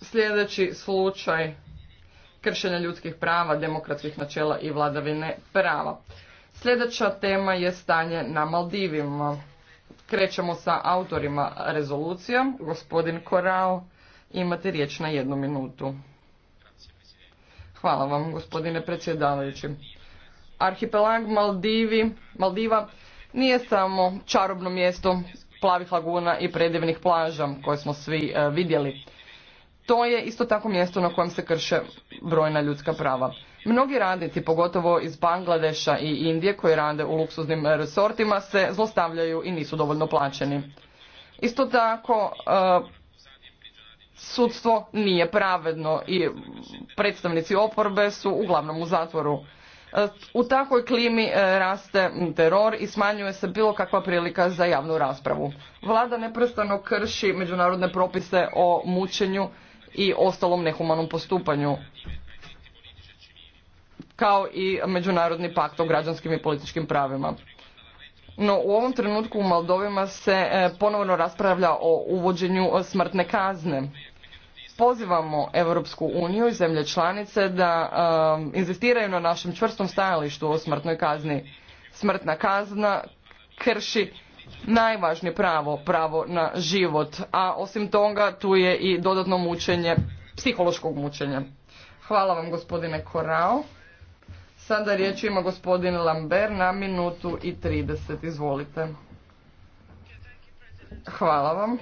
Sljedeći slučaj kršenja ljudskih prava, demokratskih načela i vladavine prava. Sljedeća tema je stanje na Maldivima. Krećemo sa autorima rezolucija. Gospodin Korao, imate riječ na jednu minutu. Hvala vam, gospodine predsjedavajući. Arhipelag Maldivi, Maldiva nije samo čarobno mjesto plavih laguna i predivnih plaža koje smo svi e, vidjeli. To je isto tako mjesto na kojem se krše brojna ljudska prava. Mnogi radnici, pogotovo iz Bangladeša i Indije koji rade u luksuznim resortima, se zlostavljaju i nisu dovoljno plaćeni. Isto tako, e, sudstvo nije pravedno i predstavnici oporbe su uglavnom u zatvoru. U takvoj klimi e, raste teror i smanjuje se bilo kakva prilika za javnu raspravu. Vlada neprestano krši međunarodne propise o mučenju i ostalom nehumanom postupanju kao i međunarodni pakt o građanskim i političkim pravima. No u ovom trenutku u Moldovima se e, ponovno raspravlja o uvođenju smrtne kazne pozivamo Europsku uniju i zemlje članice da um, inzistiraju na našem čvrstom stajalištu o smrtnoj kazni. Smrtna kazna krši najvažnije pravo, pravo na život, a osim toga tu je i dodatno mučenje, psihološkog mučenja. Hvala vam gospodine Korao. Sada riječ ima gospodin Lambert na minutu i 30. Izvolite. Hvala vam.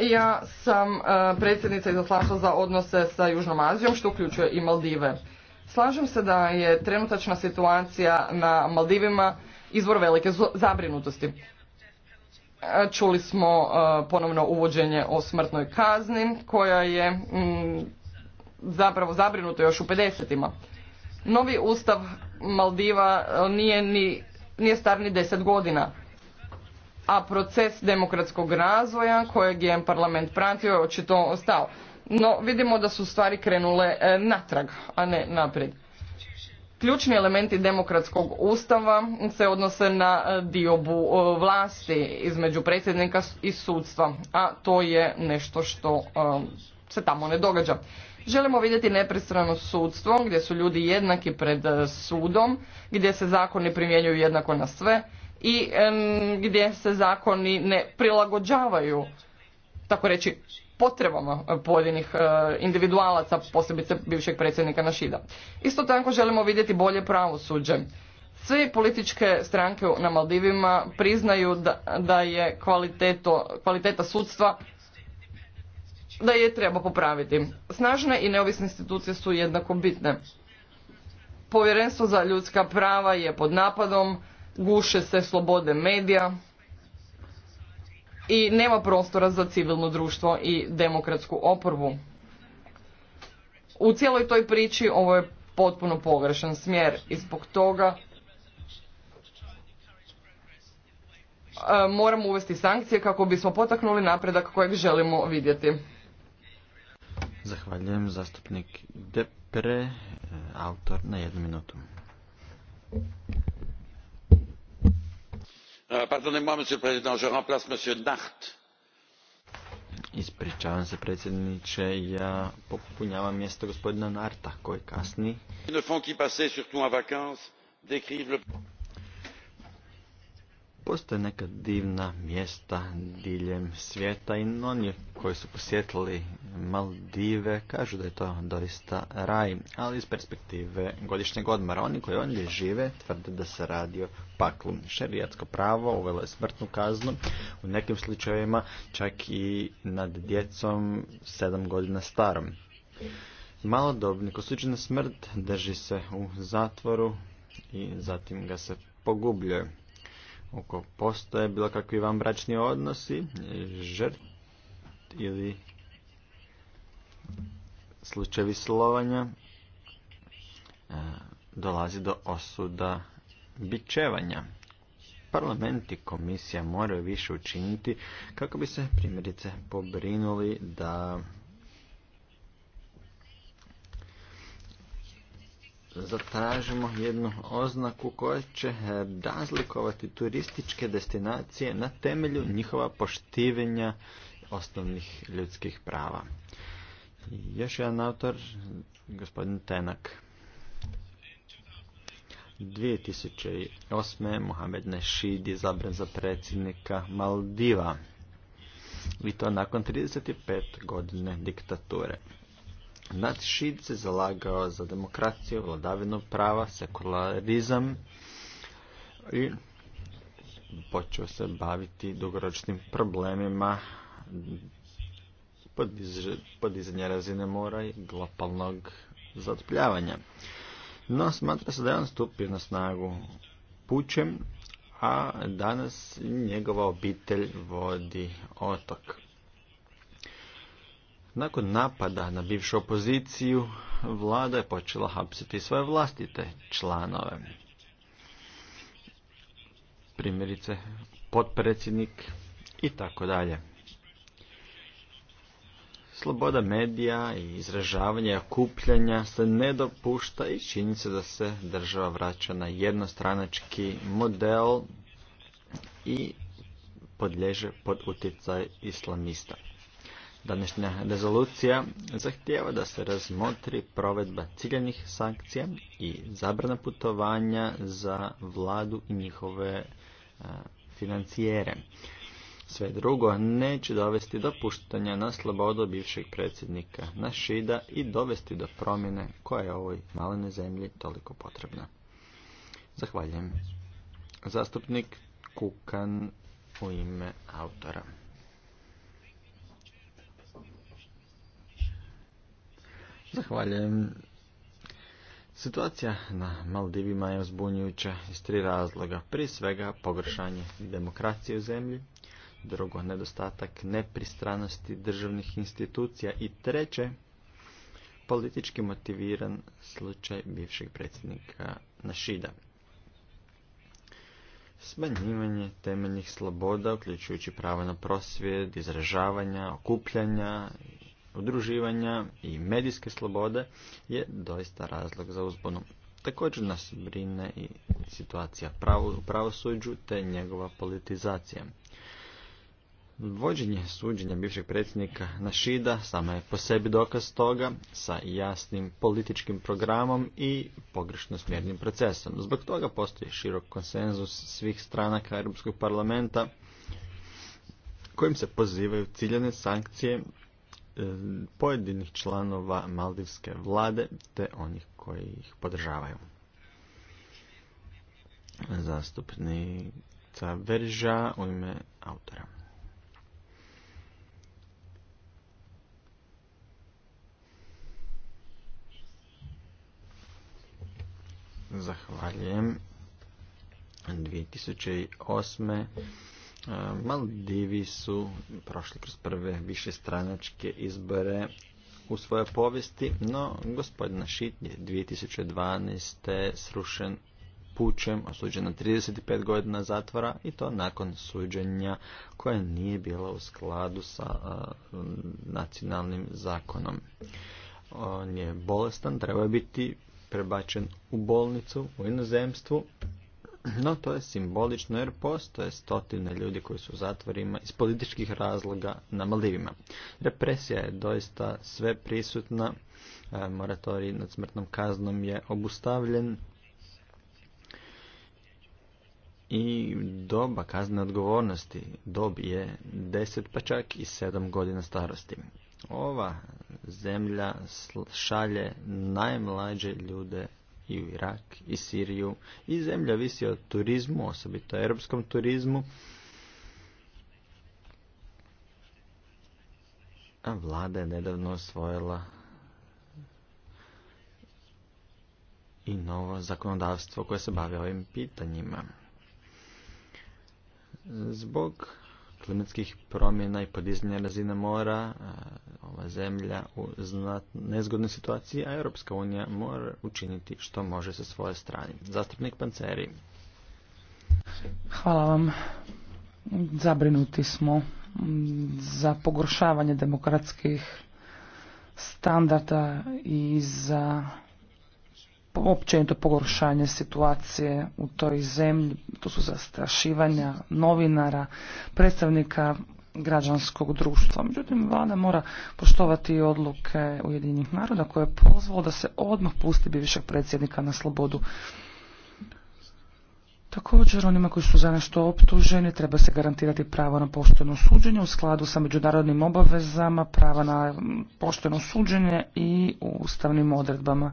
Ja sam e, predsjednica izaslanstva za odnose sa Južnom Azijom, što uključuje i Maldive. Slažem se da je trenutačna situacija na Maldivima izvor velike zabrinutosti. E, čuli smo e, ponovno uvođenje o smrtnoj kazni koja je mm, zapravo zabrinuta još u 50-ima. Novi ustav Maldiva nije, ni, nije star ni 10 godina a proces demokratskog razvoja kojeg je parlament pratio je očito ostao. No vidimo da su stvari krenule e, natrag, a ne naprijed. Ključni elementi demokratskog ustava se odnose na e, diobu e, vlasti između predsjednika i sudstva, a to je nešto što se tamo ne događa. Želimo vidjeti nepristrano sudstvo gdje su ljudi jednaki pred sudom, gdje se zakoni primjenjuju jednako na sve, i gdje se zakoni ne prilagođavaju tako reći potrebama pojedinih e, individualaca, posebice bivšeg predsjednika Našida. Isto tako želimo vidjeti bolje pravosuđe. Sve političke stranke na Maldivima priznaju da, je kvaliteta sudstva da je treba popraviti. Snažne i neovisne institucije su jednako bitne. Povjerenstvo za ljudska prava je pod napadom, guše se slobode medija i nema prostora za civilno društvo i demokratsku oporbu. U cijeloj toj priči ovo je potpuno pogrešan smjer i zbog toga e, moramo uvesti sankcije kako bismo potaknuli napredak kojeg želimo vidjeti. Zahvaljujem zastupnik Depre, e, autor na Euh, pardonnez moi monsieur le président je remplace monsieur nart. Ispričavam se predsjedniče, ja popunjavam mjesto gospodina Narta koji kasni. Ne font qui passaient surtout en vacances décrivent le Postoje neka divna mjesta diljem svijeta i oni koji su posjetili Maldive kažu da je to doista raj, ali iz perspektive godišnjeg odmora. Oni koji ondje žive tvrde da se radi o paklu. Šerijatsko pravo uvelo je smrtnu kaznu, u nekim slučajevima čak i nad djecom sedam godina starom. Malodobnik osuđen na smrt drži se u zatvoru i zatim ga se pogubljuje Oko postoje bilo kakvi vam bračni odnosi, žrt ili slučajevi slovanja, e, dolazi do osuda bičevanja. Parlament i komisija moraju više učiniti kako bi se primjerice pobrinuli da zatražimo jednu oznaku koja će e, razlikovati turističke destinacije na temelju njihova poštivanja osnovnih ljudskih prava. Još jedan autor, gospodin Tenak. 2008. Mohamed Nešid je zabran za predsjednika Maldiva. I to nakon 35 godine diktature. Nat se zalagao za demokraciju, vladavinu prava, sekularizam i počeo se baviti dugoročnim problemima podizanje razine mora i globalnog zatopljavanja. No, smatra se da je on stupio na snagu pućem, a danas njegova obitelj vodi otok. Nakon napada na bivšu opoziciju, vlada je počela hapsiti svoje vlastite članove. Primjerice, potpredsjednik i tako dalje. Sloboda medija i izražavanja okupljanja se ne dopušta i čini se da se država vraća na jednostranački model i podlježe pod utjecaj islamista. Današnja rezolucija zahtijeva da se razmotri provedba ciljenih sankcija i zabrana putovanja za vladu i njihove e, financijere. Sve drugo neće dovesti do puštanja na slobodu bivšeg predsjednika Našida i dovesti do promjene koja je ovoj malenoj zemlji toliko potrebna. Zahvaljujem. Zastupnik Kukan u ime autora. Zahvaljujem. Situacija na Maldivima je uzbunjujuća iz tri razloga. Prije svega pogrošanje demokracije u zemlji, drugo nedostatak nepristranosti državnih institucija i treće politički motiviran slučaj bivšeg predsjednika Našida. Smanjivanje temeljnih sloboda, uključujući pravo na prosvjed, izražavanja, okupljanja udruživanja i medijske slobode je doista razlog za uzbunu. Također nas brine i situacija pravo, u pravosuđu te njegova politizacija. Vođenje suđenja bivšeg predsjednika Našida samo je po sebi dokaz toga sa jasnim političkim programom i pogrešno smjernim procesom. Zbog toga postoji širok konsenzus svih stranaka Europskog parlamenta kojim se pozivaju ciljane sankcije E, pojedinih članova Maldivske vlade te onih koji ih podržavaju. Zastupnica Verža u ime autora. Zahvaljujem. 2008. Maldivi su prošli kroz prve više stranačke izbore u svojoj povijesti, no gospodina Šit je 2012. srušen pučem, osuđen na 35 godina zatvora i to nakon suđenja koje nije bilo u skladu sa nacionalnim zakonom. On je bolestan, treba biti prebačen u bolnicu u inozemstvu no to je simbolično jer postoje stotine ljudi koji su u zatvorima iz političkih razloga na Maldivima. Represija je doista sve prisutna, e, moratorij nad smrtnom kaznom je obustavljen i doba kazne odgovornosti dob je 10 pa čak i 7 godina starosti. Ova zemlja šalje najmlađe ljude i u Irak i Siriju i zemlja visi o turizmu, osobito europskom turizmu. A vlada je nedavno osvojila i novo zakonodavstvo koje se bavi ovim pitanjima. Zbog klimatskih promjena i podizanja razine mora, ova zemlja u nezgodnoj situaciji, a Europska unija mora učiniti što može sa svoje strane. Zastupnik Panceri. Hvala vam. Zabrinuti smo za pogoršavanje demokratskih standarda i za općenito pogoršanje situacije u toj zemlji, to su zastrašivanja novinara, predstavnika građanskog društva. Međutim, vlada mora poštovati odluke Ujedinjenih naroda koje je pozvalo da se odmah pusti bivšeg predsjednika na slobodu. Također, onima koji su za nešto optuženi treba se garantirati pravo na pošteno suđenje u skladu sa međunarodnim obavezama, prava na pošteno suđenje i ustavnim odredbama.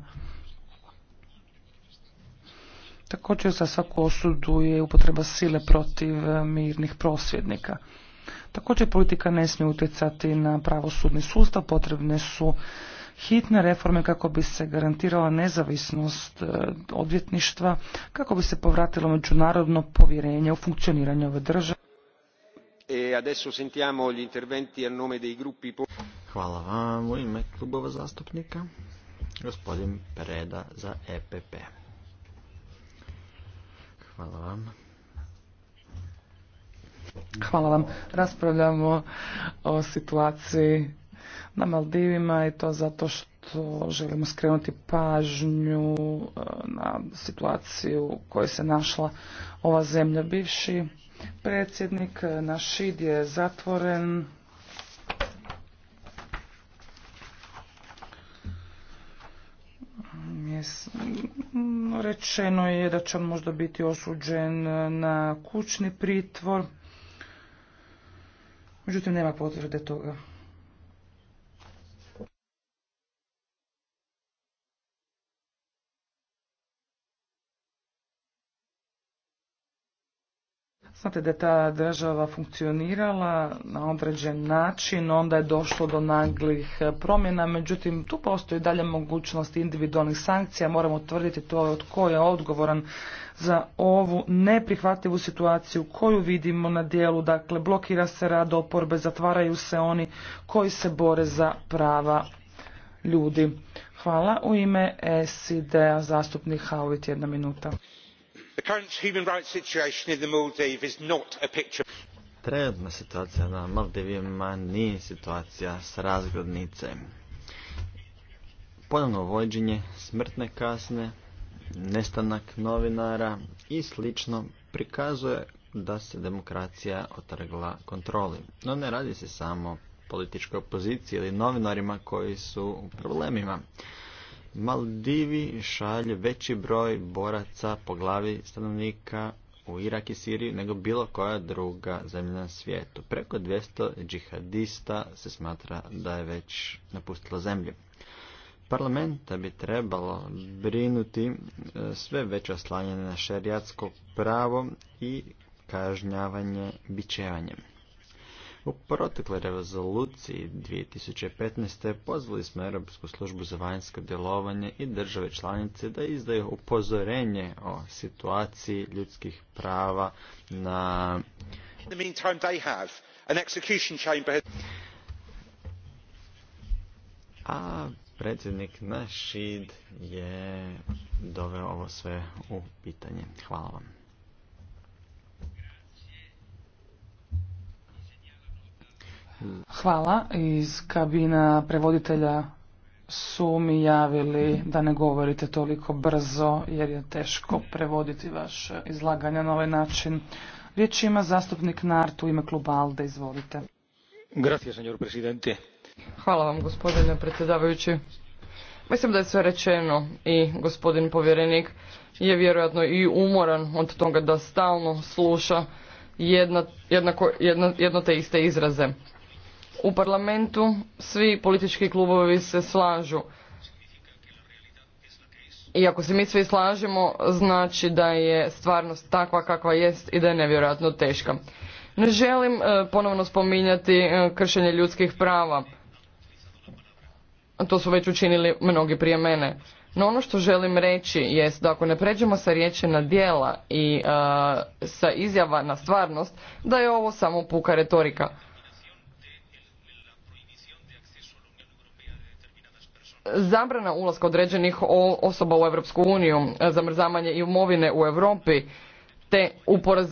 Također za svaku osudu je upotreba sile protiv e, mirnih prosvjednika. Također politika ne smije utjecati na pravosudni sustav, potrebne su hitne reforme kako bi se garantirala nezavisnost e, odvjetništva, kako bi se povratilo međunarodno povjerenje u funkcioniranje ove države. Hvala vam u ime klubova zastupnika. Gospodin Pereda za EPP. Hvala vam. Hvala vam. Raspravljamo o situaciji na Maldivima i to zato što želimo skrenuti pažnju e, na situaciju u kojoj se našla ova zemlja. Bivši predsjednik e, Našid je zatvoren. Rečeno je da će on možda biti osuđen na kućni pritvor. Međutim, nema potvrde toga. Znate da je ta država funkcionirala na određen način, onda je došlo do naglih e, promjena, međutim tu postoji dalje mogućnost individualnih sankcija, moramo tvrditi to tko je odgovoran za ovu neprihvatljivu situaciju koju vidimo na dijelu, dakle blokira se rad oporbe, zatvaraju se oni koji se bore za prava ljudi. Hvala u ime SID-a zastupnik jedna minuta the current human rights situation in the maldives is not a picture Trenutna situacija na Maldivima nije situacija s razgodnice. Ponovno vođenje smrtne kasne, nestanak novinara i slično prikazuje da se demokracija otrgla kontroli. No ne radi se samo političkoj opoziciji ili novinarima koji su u problemima. Maldivi šalje veći broj boraca po glavi stanovnika u Irak i Siriji nego bilo koja druga zemlja na svijetu. Preko 200 džihadista se smatra da je već napustilo zemlju. Parlamenta bi trebalo brinuti e, sve veće oslanjene na šerijatsko pravo i kažnjavanje bičevanjem. U protekloj rezoluciji 2015. pozvali smo Europsku službu za vanjsko djelovanje i države članice da izdaju upozorenje o situaciji ljudskih prava na a predsjednik Našid je doveo ovo sve u pitanje. Hvala vam. Hvala. Iz kabina prevoditelja su mi javili da ne govorite toliko brzo jer je teško prevoditi vaš izlaganje na ovaj način. Riječ ima zastupnik Nart u ime kluba Alde. Izvolite. Hvala vam gospodine predsjedavajući. Mislim da je sve rečeno i gospodin povjerenik je vjerojatno i umoran od toga da stalno sluša jedno te iste izraze. U parlamentu svi politički klubovi se slažu. I ako se mi svi slažemo, znači da je stvarnost takva kakva jest i da je nevjerojatno teška. Ne želim e, ponovno spominjati e, kršenje ljudskih prava. To su već učinili mnogi prije mene. No ono što želim reći jest da ako ne pređemo sa riječi na dijela i e, sa izjava na stvarnost, da je ovo samo puka retorika. zabrana ulaska određenih osoba u Europsku uniju, e, zamrzavanje imovine u Europi, te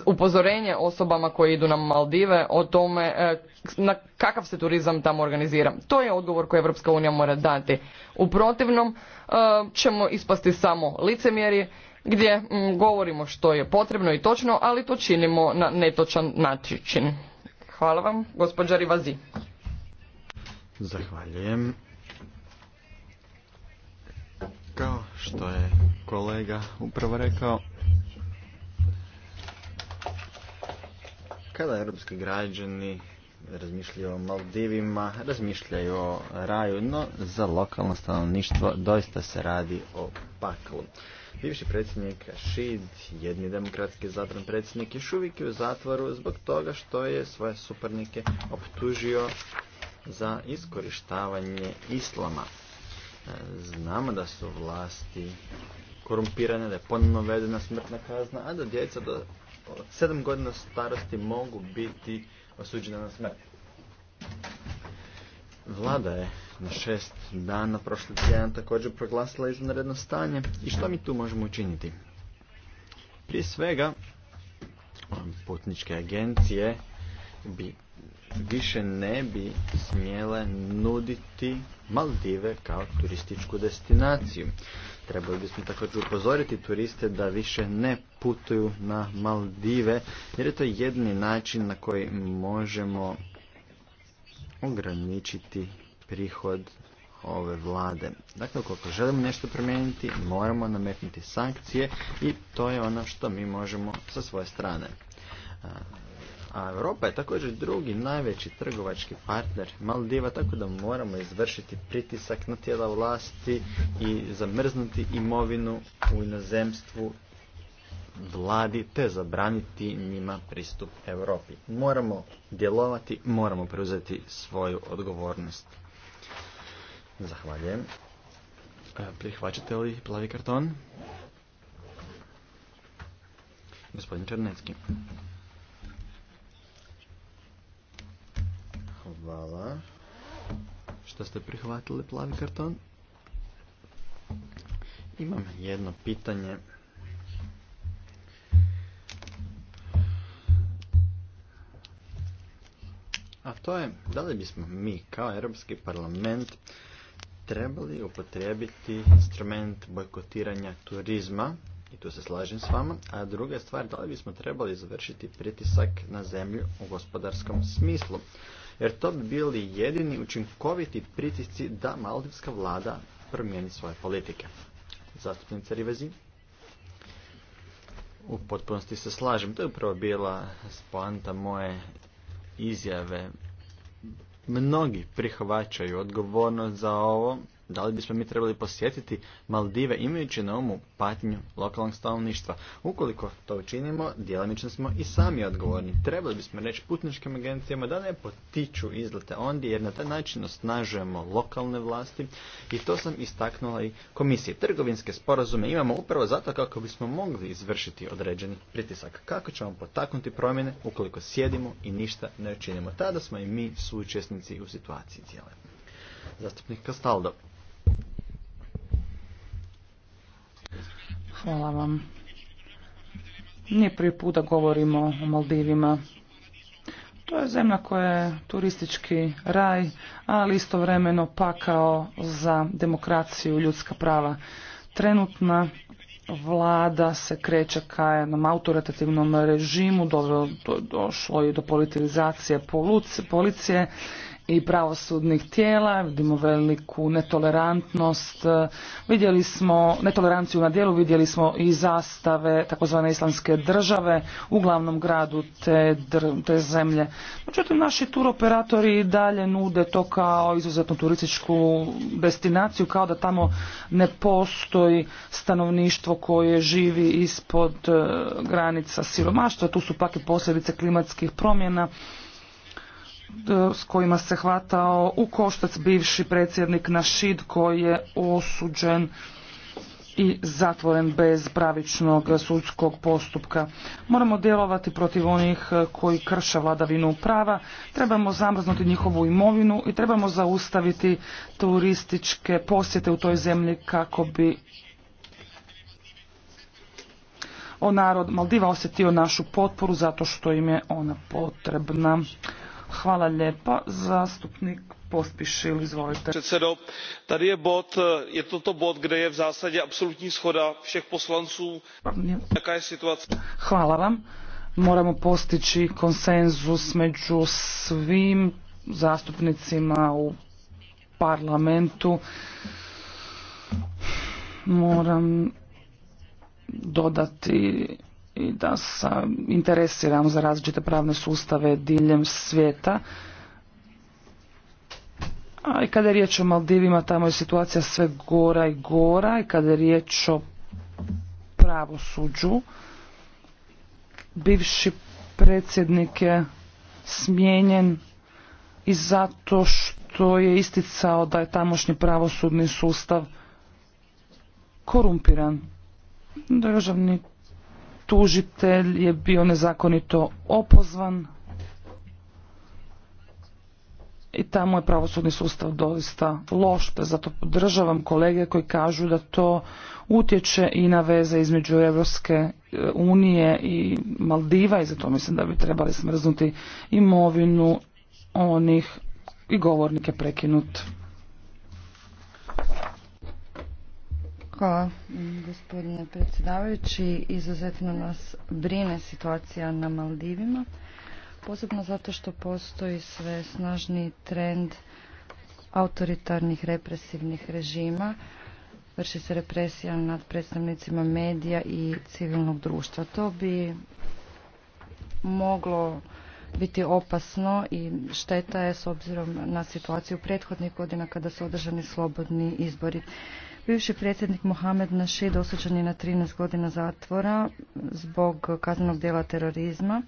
upozorenje osobama koje idu na Maldive o tome e, na kakav se turizam tamo organizira. To je odgovor koji Europska unija mora dati. U protivnom e, ćemo ispasti samo licemjeri gdje govorimo što je potrebno i točno, ali to činimo na netočan način. Hvala vam, gospođa Zahvaljujem. Kao što je kolega upravo rekao, kada europski građani razmišljaju o Maldivima, razmišljaju o raju, no za lokalno stanovništvo doista se radi o paklu. Bivši predsjednik Šid, jedni demokratski zatvoren predsjednik, još uvijek je u zatvoru zbog toga što je svoje suparnike optužio za iskorištavanje islama. Znamo da su vlasti korumpirane, da je ponovno vedena smrtna kazna, a da djeca do sedam godina starosti mogu biti osuđena na smrt. Vlada je na šest dana prošli tjedan također proglasila izvanredno stanje i što mi tu možemo učiniti? Prije svega, putničke agencije bi više ne bi smjele nuditi Maldive kao turističku destinaciju. Trebali bismo također upozoriti turiste da više ne putuju na Maldive, jer je to jedni način na koji možemo ograničiti prihod ove vlade. Dakle, ukoliko želimo nešto promijeniti, moramo nametnuti sankcije i to je ono što mi možemo sa svoje strane. A Europa je također drugi najveći trgovački partner Maldiva, tako da moramo izvršiti pritisak na tijela vlasti i zamrznuti imovinu u inozemstvu vladi te zabraniti njima pristup Europi. Moramo djelovati, moramo preuzeti svoju odgovornost. Zahvaljujem. E, prihvaćate li plavi karton? Gospodin Černecki. Hvala. Što ste prihvatili plavi karton? Imam jedno pitanje. A to je, da li bismo mi kao Europski parlament trebali upotrijebiti instrument bojkotiranja turizma, i tu se slažem s vama, a druga stvar, da li bismo trebali završiti pritisak na zemlju u gospodarskom smislu jer to bi bili jedini učinkoviti pritisci da maldivska vlada promijeni svoje politike. Zastupnica Rivezi. U potpunosti se slažem. To je upravo bila spoanta moje izjave. Mnogi prihvaćaju odgovornost za ovo, da li bismo mi trebali posjetiti Maldive imajući na umu patnju lokalnog stanovništva? Ukoliko to učinimo, djelomično smo i sami odgovorni. Trebali bismo reći putničkim agencijama da ne potiču izlete ondje jer na taj način osnažujemo lokalne vlasti i to sam istaknula i komisije. Trgovinske sporazume imamo upravo zato kako bismo mogli izvršiti određeni pritisak. Kako ćemo potaknuti promjene ukoliko sjedimo i ništa ne učinimo? Tada smo i mi suučesnici u situaciji cijele. Zastupnik Kastaldo. Hvala vam. Nije prvi put da govorimo o Maldivima. To je zemlja koja je turistički raj, ali istovremeno pakao za demokraciju i ljudska prava. Trenutna vlada se kreće ka jednom autoritativnom režimu, došlo je do politizacije policije i pravosudnih tijela, vidimo veliku netolerantnost, vidjeli smo netoleranciju na dijelu, vidjeli smo i zastave takozvane islamske države u glavnom gradu te, te zemlje. Međutim, naši turoperatori i dalje nude to kao izuzetnu turističku destinaciju, kao da tamo ne postoji stanovništvo koje živi ispod eh, granica siromaštva, tu su pak i posljedice klimatskih promjena, s kojima se hvatao u koštac bivši predsjednik Našid koji je osuđen i zatvoren bez pravičnog sudskog postupka. Moramo djelovati protiv onih koji krše vladavinu prava, trebamo zamrznuti njihovu imovinu i trebamo zaustaviti turističke posjete u toj zemlji kako bi o narod Maldiva osjetio našu potporu zato što im je ona potrebna. Hvala Zastupnik Pospišil, izvolite. tady je bod, eh, je toto bod kde je v zásadě absolutní shoda všech poslanců. Jaká je situace? Hvala vam. Moramo postići konsenzus među svim zastupnicima u parlamentu. Moram dodati i da se interesiramo za različite pravne sustave diljem svijeta. A i kada je riječ o Maldivima, tamo je situacija sve gora i gora i kada je riječ o pravosuđu, bivši predsjednik je smijenjen i zato što je isticao da je tamošnji pravosudni sustav korumpiran. Državni tužitelj je bio nezakonito opozvan i tamo je pravosudni sustav doista loš, pa zato podržavam kolege koji kažu da to utječe i na veze između Europske e, unije i Maldiva i zato mislim da bi trebali smrznuti imovinu onih i govornike prekinut. Hvala gospodine predsjedavajući. Izuzetno nas brine situacija na Maldivima, posebno zato što postoji sve snažni trend autoritarnih represivnih režima. Vrši se represija nad predstavnicima medija i civilnog društva. To bi moglo biti opasno i šteta je s obzirom na situaciju prethodnih godina kada su održani slobodni izbori. Bivši predsjednik Mohamed Našid osuđen je na 13 godina zatvora zbog kaznenog djela terorizma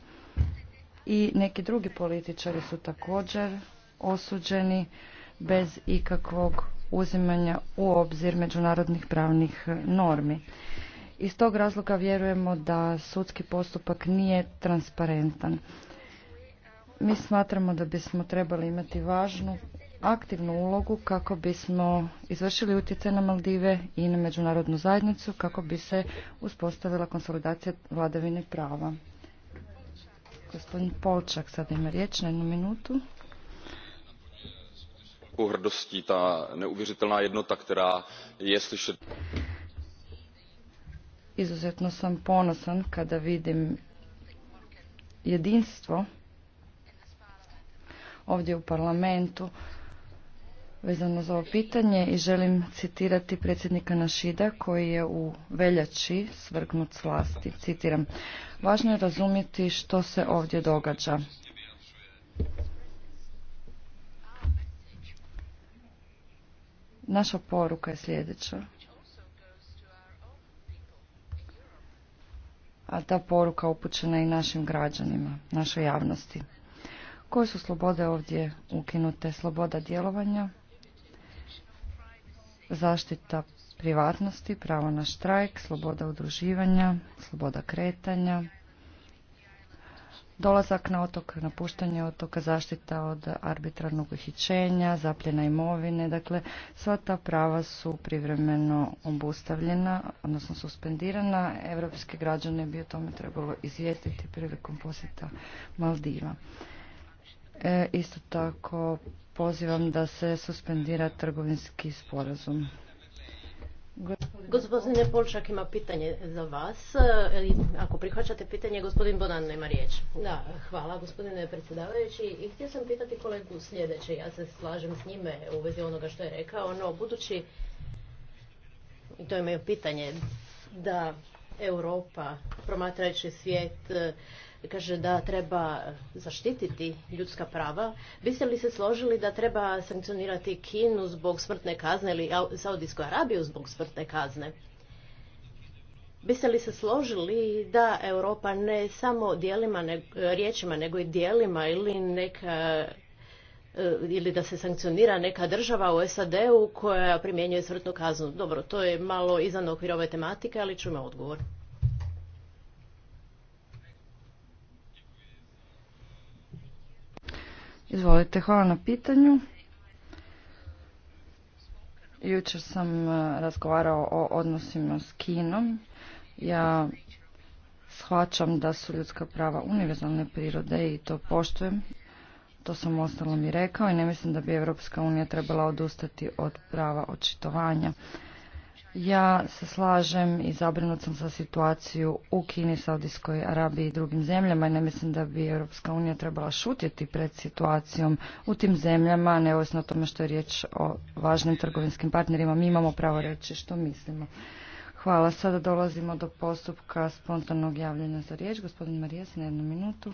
i neki drugi političari su također osuđeni bez ikakvog uzimanja u obzir međunarodnih pravnih normi. Iz tog razloga vjerujemo da sudski postupak nije transparentan. Mi smatramo da bismo trebali imati važnu aktivnu ulogu kako bismo izvršili utjecaj na Maldive i na međunarodnu zajednicu kako bi se uspostavila konsolidacija vladavine prava. Gospodin Polčak sad ima riječ na jednu minutu. hrdosti ta jednota, je Izuzetno sam ponosan kada vidim jedinstvo ovdje u parlamentu vezano za ovo pitanje i želim citirati predsjednika Našida koji je u veljači svrgnut s vlasti. Citiram, važno je razumjeti što se ovdje događa. Naša poruka je sljedeća. A ta poruka upućena i našim građanima, našoj javnosti. Koje su slobode ovdje ukinute? Sloboda djelovanja, zaštita privatnosti, pravo na štrajk, sloboda udruživanja, sloboda kretanja, dolazak na otok, napuštanje otoka, zaštita od arbitrarnog uhićenja, zapljena imovine, dakle sva ta prava su privremeno obustavljena, odnosno suspendirana. Evropske građane bi o tome trebalo izvijestiti prilikom posjeta Maldiva. E, isto tako pozivam da se suspendira trgovinski sporazum. Gospodine Polčak ima pitanje za vas. E, ako prihvaćate pitanje, gospodin Bonan nema riječ. Da, hvala gospodine predsjedavajući. I htio sam pitati kolegu sljedeće. Ja se slažem s njime u vezi onoga što je rekao, no budući, i to je moje pitanje, da Europa, promatrajući svijet, e, kaže da treba zaštititi ljudska prava, biste li se složili da treba sankcionirati Kinu zbog smrtne kazne ili Saudijsku Arabiju zbog smrtne kazne? Biste li se složili da Europa ne samo dijelima, ne, riječima, nego i dijelima ili neka E, ili da se sankcionira neka država u SAD-u koja primjenjuje smrtnu kaznu. Dobro, to je malo izvan okvira ove tematike, ali ću odgovor. Izvolite, hvala na pitanju. Jučer sam e, razgovarao o odnosima s Kinom. Ja shvaćam da su ljudska prava univerzalne prirode i to poštujem to sam ostalom i rekao i ne mislim da bi Europska unija trebala odustati od prava očitovanja. Ja se slažem i zabrinut sam sa situaciju u Kini, Saudijskoj Arabiji i drugim zemljama i ne mislim da bi Europska unija trebala šutjeti pred situacijom u tim zemljama, neovisno o tome što je riječ o važnim trgovinskim partnerima. Mi imamo pravo reći što mislimo. Hvala. Sada dolazimo do postupka spontanog javljanja za riječ. Gospodin Marijas, na jednu minutu.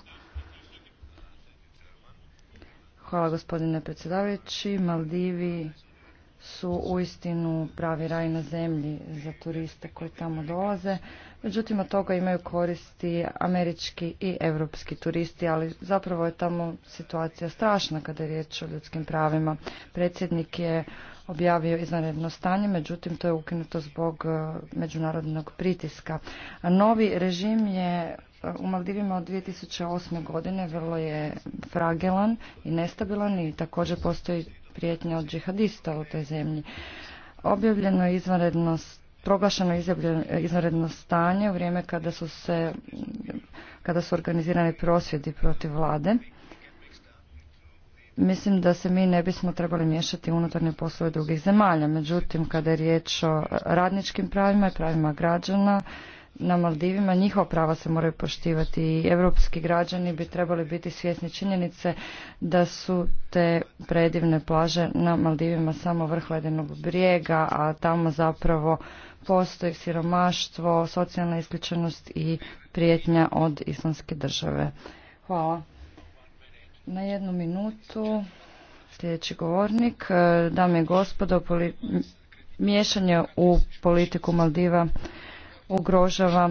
Hvala gospodine predsjedavajući. Maldivi su uistinu pravi raj na zemlji za turiste koji tamo dolaze. Međutim, od toga imaju koristi američki i europski turisti, ali zapravo je tamo situacija strašna kada je riječ o ljudskim pravima. Predsjednik je objavio izvanredno stanje, međutim to je ukinuto zbog eh, međunarodnog pritiska. novi režim je pa, u Maldivima od 2008. godine vrlo je fragilan i nestabilan i također postoji prijetnja od džihadista u toj zemlji. Objavljeno je izvanredno, proglašeno izvanredno stanje u vrijeme kada su se, kada su organizirani prosvjedi protiv vlade. Mislim da se mi ne bismo trebali miješati unutarnje poslove drugih zemalja. Međutim, kada je riječ o radničkim pravima i pravima građana, na Maldivima, njihova prava se moraju poštivati i evropski građani bi trebali biti svjesni činjenice da su te predivne plaže na Maldivima samo vrh ledenog brijega, a tamo zapravo postoji siromaštvo, socijalna isključenost i prijetnja od islamske države. Hvala. Na jednu minutu sljedeći govornik. Dame i gospodo, miješanje u politiku Maldiva ugrožava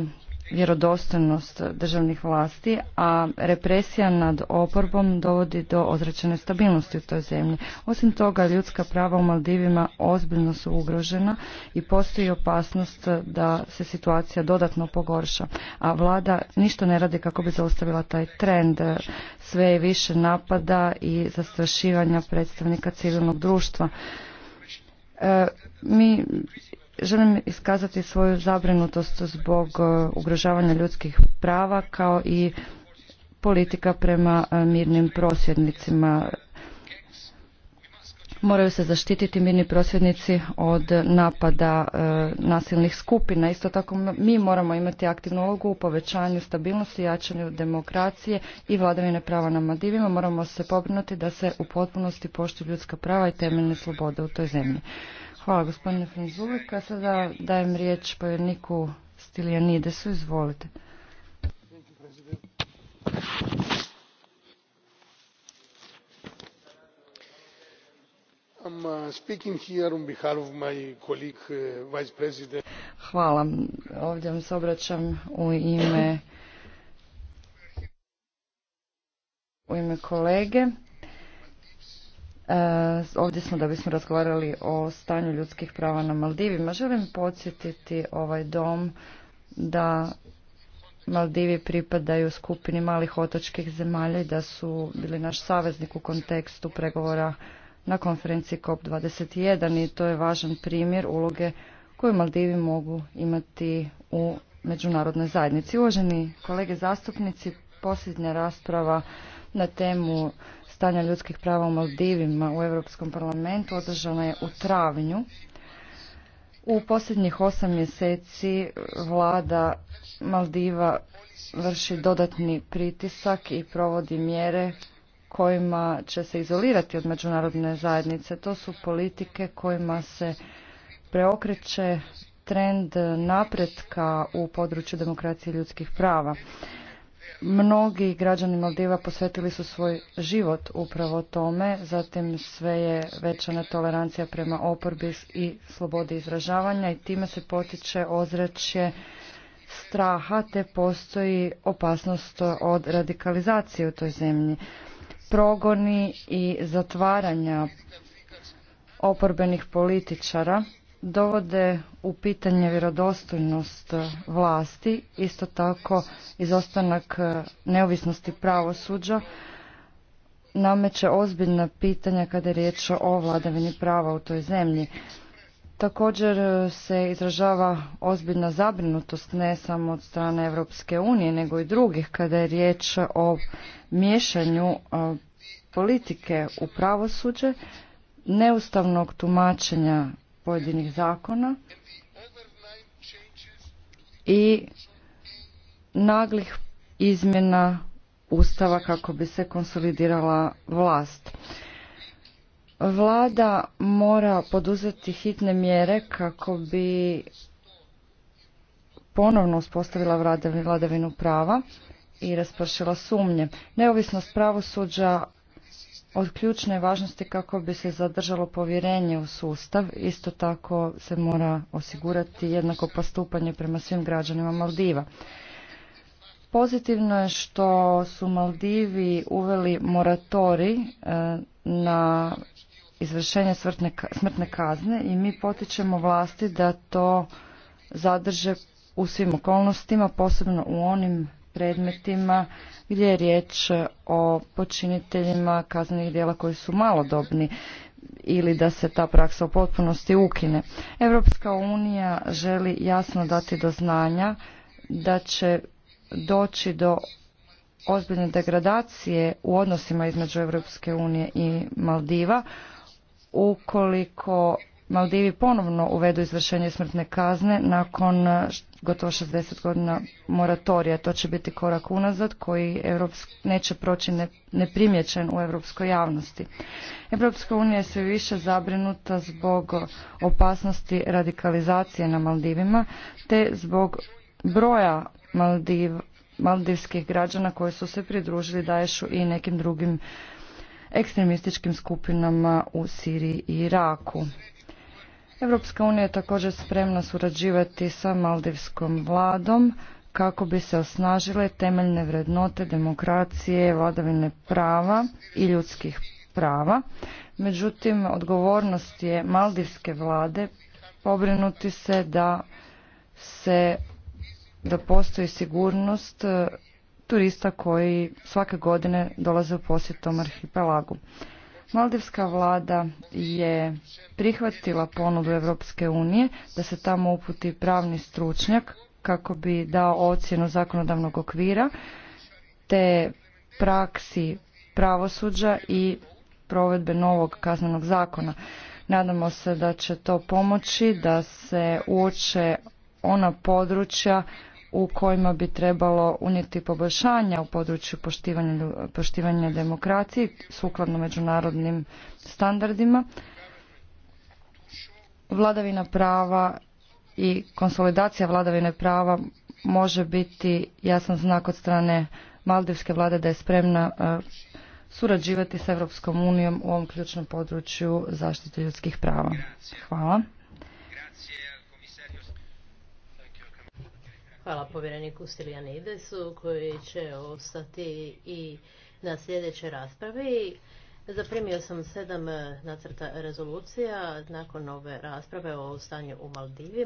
vjerodostojnost državnih vlasti, a represija nad oporbom dovodi do ozračene stabilnosti u toj zemlji. Osim toga, ljudska prava u Maldivima ozbiljno su ugrožena i postoji opasnost da se situacija dodatno pogorša, a vlada ništa ne radi kako bi zaustavila taj trend. Sve je više napada i zastrašivanja predstavnika civilnog društva. E, mi Želim iskazati svoju zabrinutost zbog e, ugrožavanja ljudskih prava kao i politika prema e, mirnim prosvjednicima. Moraju se zaštititi mirni prosvjednici od napada e, nasilnih skupina. Isto tako mi moramo imati aktivnu ulogu u povećanju stabilnosti, jačanju demokracije i vladavine prava na Madivima. Moramo se pobrinuti da se u potpunosti poštuju ljudska prava i temeljne slobode u toj zemlji. Hvala gospodine Franzulika. Sada dajem riječ povjerniku Stilijanidesu. Izvolite. Uh, uh, Hvala. Ovdje vam se obraćam u ime u ime kolege. E, ovdje smo da bismo razgovarali o stanju ljudskih prava na Maldivima. Želim podsjetiti ovaj dom da Maldivi pripadaju skupini malih otočkih zemalja i da su bili naš saveznik u kontekstu pregovora na konferenciji COP21 i to je važan primjer uloge koju Maldivi mogu imati u međunarodnoj zajednici. Uvaženi kolege zastupnici, posljednja rasprava na temu stanja ljudskih prava u Maldivima u Europskom parlamentu održana je u travnju. U posljednjih osam mjeseci vlada Maldiva vrši dodatni pritisak i provodi mjere kojima će se izolirati od međunarodne zajednice. To su politike kojima se preokreće trend napretka u području demokracije ljudskih prava. Mnogi građani Maldiva posvetili su svoj život upravo tome, zatim sve je veća netolerancija prema oporbi i slobodi izražavanja i time se potiče ozračje straha te postoji opasnost od radikalizacije u toj zemlji. Progoni i zatvaranja oporbenih političara dovode u pitanje vjerodostojnost vlasti, isto tako izostanak e, neovisnosti pravosuđa, nameće ozbiljna pitanja kada je riječ o vladavini prava u toj zemlji. Također e, se izražava ozbiljna zabrinutost ne samo od strane Europske unije nego i drugih kada je riječ o miješanju e, politike u pravosuđe, neustavnog tumačenja pojedinih zakona i naglih izmjena Ustava kako bi se konsolidirala vlast. Vlada mora poduzeti hitne mjere kako bi ponovno uspostavila vladavinu prava i raspršila sumnje. Neovisnost pravosuđa od ključne važnosti kako bi se zadržalo povjerenje u sustav. Isto tako se mora osigurati jednako postupanje prema svim građanima Maldiva. Pozitivno je što su Maldivi uveli moratori e, na izvršenje smrtne kazne i mi potičemo vlasti da to zadrže u svim okolnostima, posebno u onim predmetima gdje je riječ o počiniteljima kaznenih djela koji su malodobni ili da se ta praksa u potpunosti ukine. Europska unija želi jasno dati do znanja da će doći do ozbiljne degradacije u odnosima između Europske unije i Maldiva ukoliko Maldivi ponovno uvedu izvršenje smrtne kazne nakon e, gotovo 60 godina moratorija. To će biti korak unazad koji Evropsk, neće proći neprimjećen u europskoj javnosti. Evropska unija je sve više zabrinuta zbog opasnosti radikalizacije na Maldivima te zbog broja maldivskih građana koji su se pridružili Daješu i nekim drugim ekstremističkim skupinama u Siriji i Iraku. Evropska unija je također spremna surađivati sa Maldivskom vladom kako bi se osnažile temeljne vrednote demokracije, vladavine prava i ljudskih prava. Međutim, odgovornost je Maldivske vlade pobrinuti se da se da postoji sigurnost e, turista koji svake godine dolaze u posjetom arhipelagu. Maldivska vlada je prihvatila ponudu Europske unije da se tamo uputi pravni stručnjak kako bi dao ocjenu zakonodavnog okvira te praksi pravosuđa i provedbe novog kaznenog zakona. Nadamo se da će to pomoći da se uoče ona područja u kojima bi trebalo unijeti poboljšanja u području poštivanja, poštivanja demokracije sukladno međunarodnim standardima, vladavina prava i konsolidacija vladavine prava može biti jasan znak od strane Maldivske vlade da je spremna e, surađivati s Europskom unijom u ovom ključnom području zaštite ljudskih prava. Hvala. Hvala povjereniku Stilijanidesu koji će ostati i na sljedećoj raspravi. Zaprimio sam sedam nacrta rezolucija nakon ove rasprave o stanju u Maldivi.